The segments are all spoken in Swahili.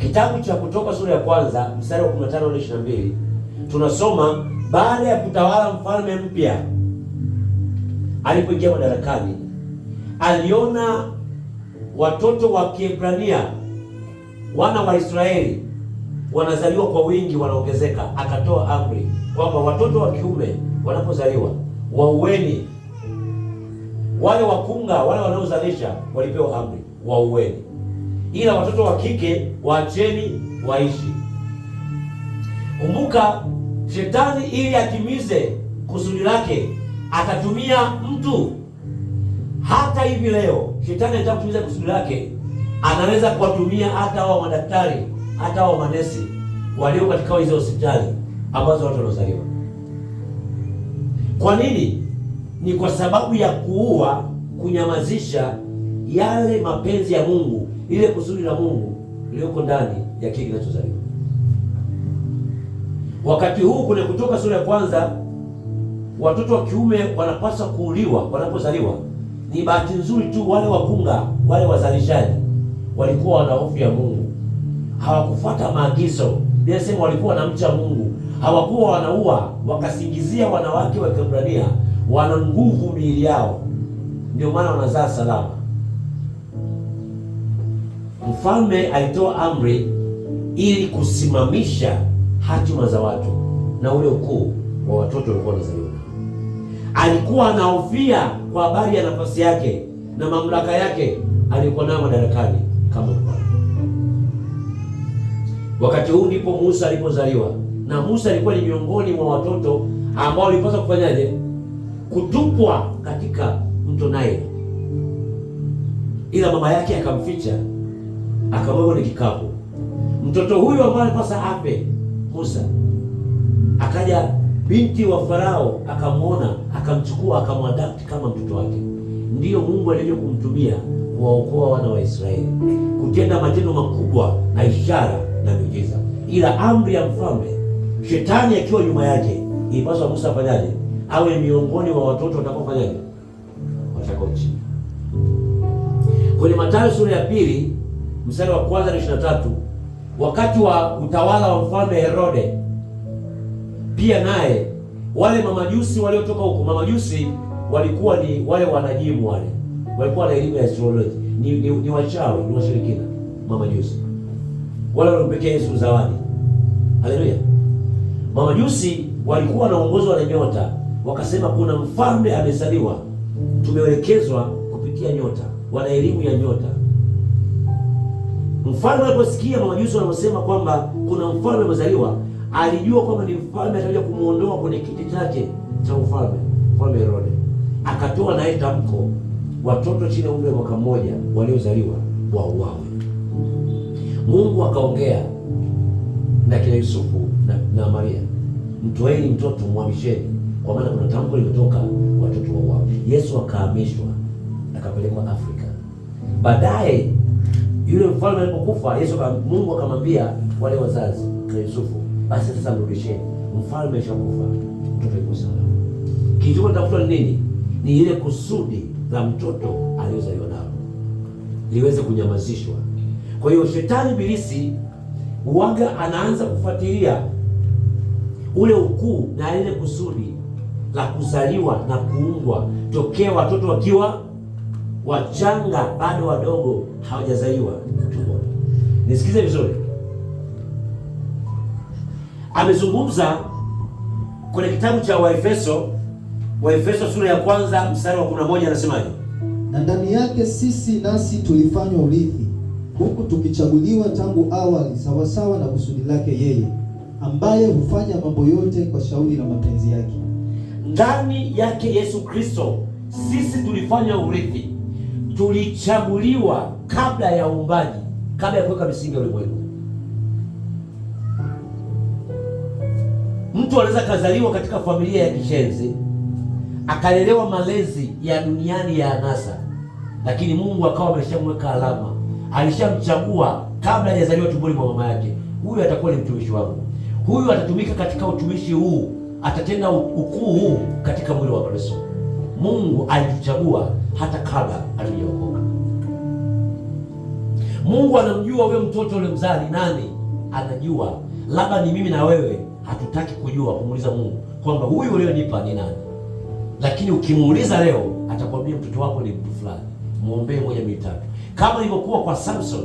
Kitabu cha Kutoka sura ya kwanza mstari wa 15 hadi 22 tunasoma, baada ya kutawala mfalme mpya alipoingia madarakani, aliona watoto wa Kiebrania wana wa Israeli wanazaliwa kwa wingi, wanaongezeka. Akatoa amri kwamba watoto wa kiume wanapozaliwa waueni, wale wakunga wale wanaozalisha walipewa amri waueni ila watoto wa kike wacheni waishi. Kumbuka, shetani ili atimize kusudi lake atatumia mtu. Hata hivi leo shetani anataka kusudi lake, anaweza kuwatumia hata wa madaktari, hata wa manesi walio katika hizo hospitali ambazo watu wanazaliwa. Kwa nini? Ni kwa sababu ya kuua, kunyamazisha yale mapenzi ya Mungu ile kusudi la Mungu iliyoko ndani ya kile kinachozaliwa. Wakati huu kule Kutoka sura ya kwanza, watoto wa kiume wanapaswa kuuliwa wanapozaliwa. Ni bahati nzuri tu wale wakunga, wale wazalishaji walikuwa wana hofu ya Mungu, hawakufuata maagizo. Biblia walikuwa walikuwa mcha Mungu, hawakuwa wanaua, wakasingizia wanawake wa Kiebrania wana nguvu miili yao, ndio maana wanazaa salama mfalme alitoa amri ili kusimamisha hatima za watu na ule ukuu wa watoto walikuwa wanazaliwa. Alikuwa anahofia kwa habari ya nafasi yake na mamlaka yake alikuwa nayo madarakani kama mfalme. Wakati huu ndipo Musa alipozaliwa, na Musa alikuwa ni miongoni mwa watoto ambao walipaswa kufanyaje? Kutupwa katika mto Naili, ila mama yake akamficha akabebwa na kikapu. Mtoto huyu ambaye alipasa ape Musa, akaja binti wa Farao akamwona, akamchukua, akamwadapti kama mtoto wake. Ndiyo Mungu alivyo kumtumia kuwaokoa wana wa Israeli, kutenda matendo makubwa na ishara na miujiza. Ila amri ya mfalme, shetani akiwa nyuma yake, ilipaswa Musa afanyaje? Awe miongoni wa watoto watakaofanyaje? watakochi Kwenye Mathayo sura ya pili mstari wa kwanza na 23, wakati wa utawala wa mfalme Herode pia naye wale mamajusi waliotoka huko, mamajusi walikuwa ni wale wanajimu, wale walikuwa na elimu ya astrology, ni, ni, ni wachawi, ni washirikina mamajusi wale waliopekea Yesu zawadi. Haleluya! Mamajusi walikuwa wanaongozwa na nyota, wakasema kuna mfalme amezaliwa, tumeelekezwa kupitia nyota, wana elimu ya nyota Mfalme aliposikia mamajusi wanaosema kwamba kuna mfalme amezaliwa, alijua kwamba ni mfalme atakuja kumwondoa kwenye kiti chake cha ufalme, mfalme Herode. Akatoa naye tamko, watoto chini ya umri wa mwaka mmoja waliozaliwa wauawe. Mungu akaongea na kina Yusufu na, na Maria, mtoeni mtoto, mwamisheni, kwa maana kuna tamko limetoka, watoto wauawe. Yesu akahamishwa akapelekwa Afrika baadaye yule mfalme alipokufa, Yesu Mungu akamwambia wale wazazi na Yusufu, basi sasa mrudisheni, mfalme ashakufa, mtoto yuko salama. Kilichotafuta nini? Ni ile kusudi la mtoto aliyozaliwa nalo liweze kunyamazishwa. Kwa hiyo shetani bilisi uwaga anaanza kufuatilia ule ukuu na ile kusudi la kuzaliwa na kuungwa tokea watoto wakiwa wachanga bado wadogo hawajazaliwa tumboni. Nisikize vizuri, amezungumza kwenye kitabu cha Waefeso, Waefeso sura ya kwanza mstari wa 11 na anasemaje? Na ndani yake sisi nasi tulifanywa urithi, huku tukichaguliwa tangu awali sawasawa na kusudi lake yeye, ambaye hufanya mambo yote kwa shauri la mapenzi yake. Ndani yake Yesu Kristo sisi tulifanywa urithi tulichaguliwa kabla ya uumbaji, kabla ya kuweka misingi ya ulimwengu. Mtu anaweza kazaliwa katika familia ya kishenzi akalelewa malezi ya duniani ya anasa, lakini Mungu akawa ameshamweka alama, alishamchagua kabla hajazaliwa tumboni mwa mama yake. Huyu atakuwa ni mtumishi wangu, huyu atatumika katika utumishi huu, atatenda ukuu huu katika mwili wa Kristo. Mungu alituchagua hata kabla hatujaokoka. Mungu anamjua huyo mtoto uliomzaa ni nani, anajua. Labda ni mimi na wewe hatutaki kujua, kumuuliza Mungu kwamba huyu ulionipa ni nani, lakini ukimuuliza leo atakwambia mtoto wako ni mtu fulani, muombee moja mitatu, kama ilivyokuwa kwa Samson,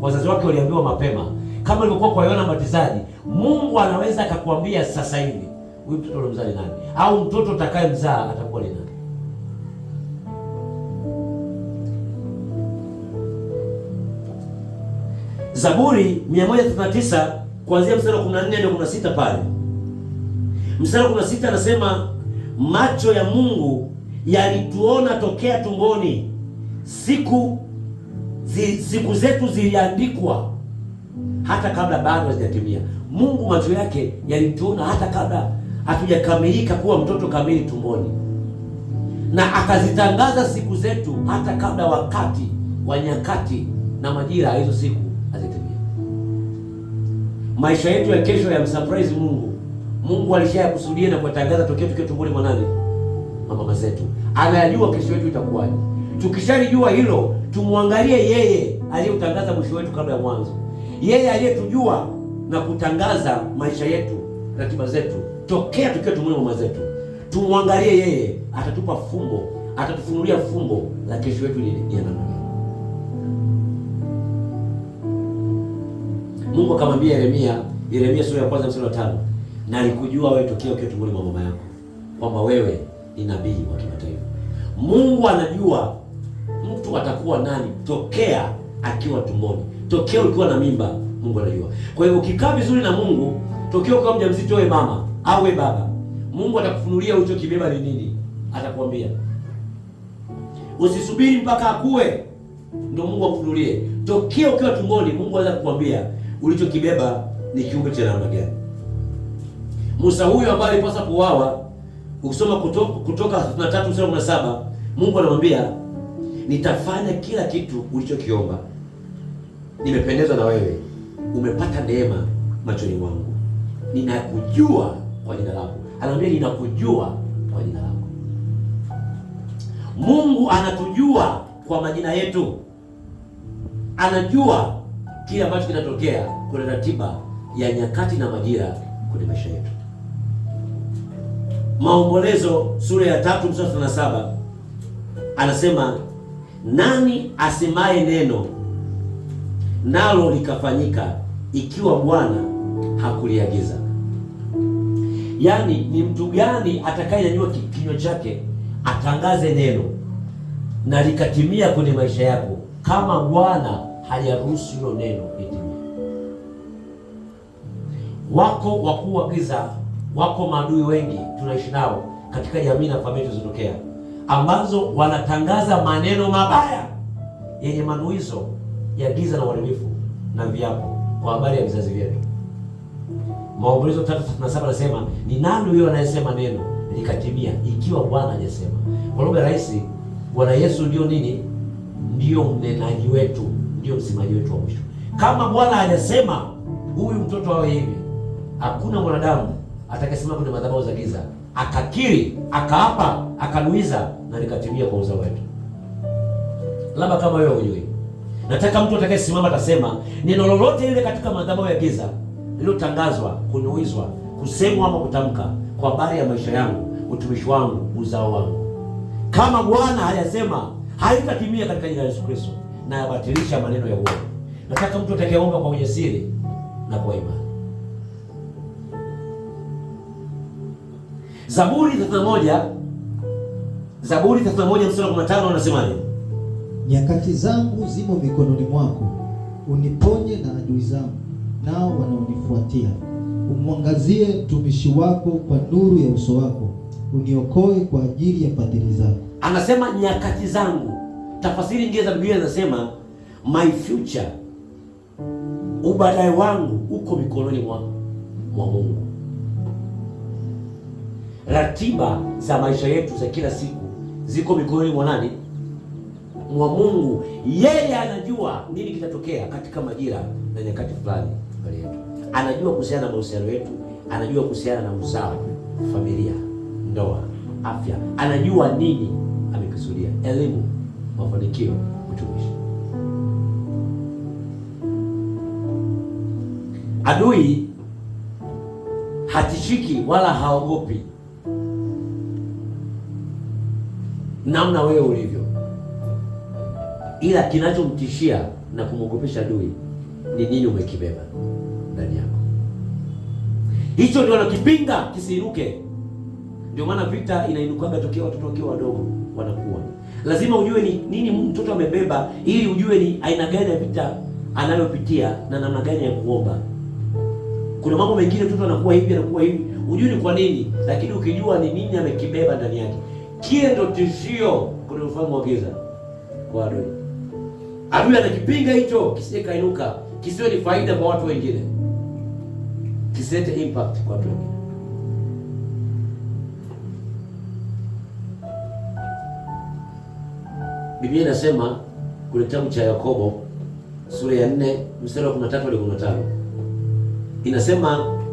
wazazi wake waliambiwa mapema, kama ilivyokuwa kwa Yona Mbatizaji. Mungu anaweza akakwambia sasa hivi huyu mtoto uliomzaa ni nani, au mtoto utakaye mzaa atakuwa ni nani. Zaburi 139 kuanzia mstari wa 14 hadi 16 pale. Mstari wa 16 anasema macho ya Mungu yalituona tokea tumboni, siku zi, siku zetu ziliandikwa hata kabla bado hazijatimia. Mungu macho yake yalituona hata kabla hatujakamilika kuwa mtoto kamili tumboni, na akazitangaza siku zetu hata kabla wakati wa nyakati na majira hizo siku maisha yetu ya kesho ya msurprise Mungu. Mungu alishayakusudia na kuwatangaza tokea tukiwa tumboni mwa nani? Mama zetu. Anajua kesho yetu itakuwaje. Tukishalijua hilo, tumwangalie yeye aliyeutangaza mwisho wetu kabla ya mwanzo, yeye aliyetujua na kutangaza maisha yetu, ratiba zetu tokea tukiwa tumboni mwa mama zetu. Tumwangalie yeye, atatupa fumbo, atatufunulia fumbo la kesho yetu ni namna Mungu akamwambia Yeremia, Yeremia sura ya kwanza mstari wa tano na alikujua wewe tokea ukiwa tumboni mwa mama yako kwamba wewe ni nabii wa kimataifa. Mungu anajua mtu atakuwa nani tokea akiwa tumboni, tokea ukiwa na mimba. Mungu anajua. Kwa hiyo ukikaa vizuri na Mungu tokea ukiwa mjamzito, wewe mama au wewe baba, Mungu atakufunulia ucho kibeba ni nini, atakwambia. Usisubiri mpaka akue ndio Mungu akufunulie. Tokea ukiwa tumboni, Mungu anaweza kukwambia ulichokibeba ni kiungo cha namna gani? Musa huyu ambaye alipaswa kuuawa, ukisoma Kutoka, Kutoka Mungu anamwambia nitafanya kila kitu ulichokiomba, nimependezwa na wewe, umepata neema machoni mwangu, ninakujua kwa jina lako. Anaambia ninakujua kwa jina lako. Mungu anatujua kwa majina yetu, anajua kile ambacho kinatokea, kuna ratiba ya nyakati na majira kwenye maisha yetu. Maombolezo sura ya tatu mstari wa saba anasema, nani asemaye neno nalo likafanyika, ikiwa Bwana hakuliagiza? Yaani, ni mtu gani atakayenyanyua kinywa chake atangaze neno na likatimia kwenye maisha yako kama Bwana hajaruhusu hilo neno litimie. Wako wakuu wa giza, wako maadui wengi tunaishi nao katika jamii na familia zilizotokea, ambazo wanatangaza maneno mabaya yenye manuizo ya giza na uharibifu na viapo kwa habari ya vizazi vyetu. Maombolezo 3:37 nasema ni nani huyo anayesema neno likatimia ikiwa Bwana hajasema? Kwa lugha rahisi, Bwana Yesu ndio nini? Ndiyo mnenaji wetu ndio msemaji wetu wa mwisho. Kama Bwana hajasema huyu mtoto awe hivi, hakuna mwanadamu atakayesimama kwenye madhabahu za giza akakiri akaapa akanuiza na nikatimia kwa uzao wetu. Labda kama wewe hujui, nataka mtu atakayesimama atasema neno lolote lile katika madhabahu ya giza lilotangazwa kunuizwa, kusemwa ama kutamka kwa habari ya maisha yangu, utumishi wangu, uzao wangu, kama Bwana hajasema haitatimia katika jina la Yesu Kristo na yabatilisha maneno ya uongo. Nataka mtu atakayeomba kwa ujasiri na kwa imani. Zaburi 31 Zaburi 31 mstari wa 15 nini? Nyakati zangu zimo mikononi mwako, uniponye na adui zangu, nao wanaonifuatia. Umwangazie mtumishi wako kwa nuru ya uso wako, uniokoe kwa ajili ya fadhili zako. Anasema nyakati zangu Tafasiri nyingine za Biblia zinasema my future, ubadaye wangu uko mikononi mwa mwa Mungu. Ratiba za maisha yetu za kila siku ziko mikononi mwa nani? Mwa Mungu. Yeye anajua nini kitatokea katika majira na nyakati fulani mbele yetu. Anajua kuhusiana na mahusiano yetu, anajua kuhusiana na uzao, familia, ndoa, afya, anajua nini amekusudia, elimu mafanikio utumishi. Adui hatishiki wala haogopi namna wewe ulivyo, ila kinachomtishia na kumwogopesha adui ni nini umekibeba ndani yako. Hicho ndio anakipinga kisiinuke. Ndio maana vita inainukaga tokea watoto wakiwa wadogo wanakuwa. Lazima ujue ni nini mtoto amebeba, ili ujue ni aina gani ya vita anayopitia na namna gani ya kuomba. Kuna mambo mengine mtoto anakuwa hivi anakuwa hivi, ujue ni kwa nini, lakini ukijua ni nini amekibeba ndani yake, kile ndo tishio. Kuna ufahamu wa giza kwa adui, adui anakipinga hicho kisije kainuka, kisiwe ni faida kwa watu wengine, kisilete impact kwa watu wengine. Biblia inasema kule kitabu cha Yakobo sura ya 4 mstari wa 13 hadi 15 inasema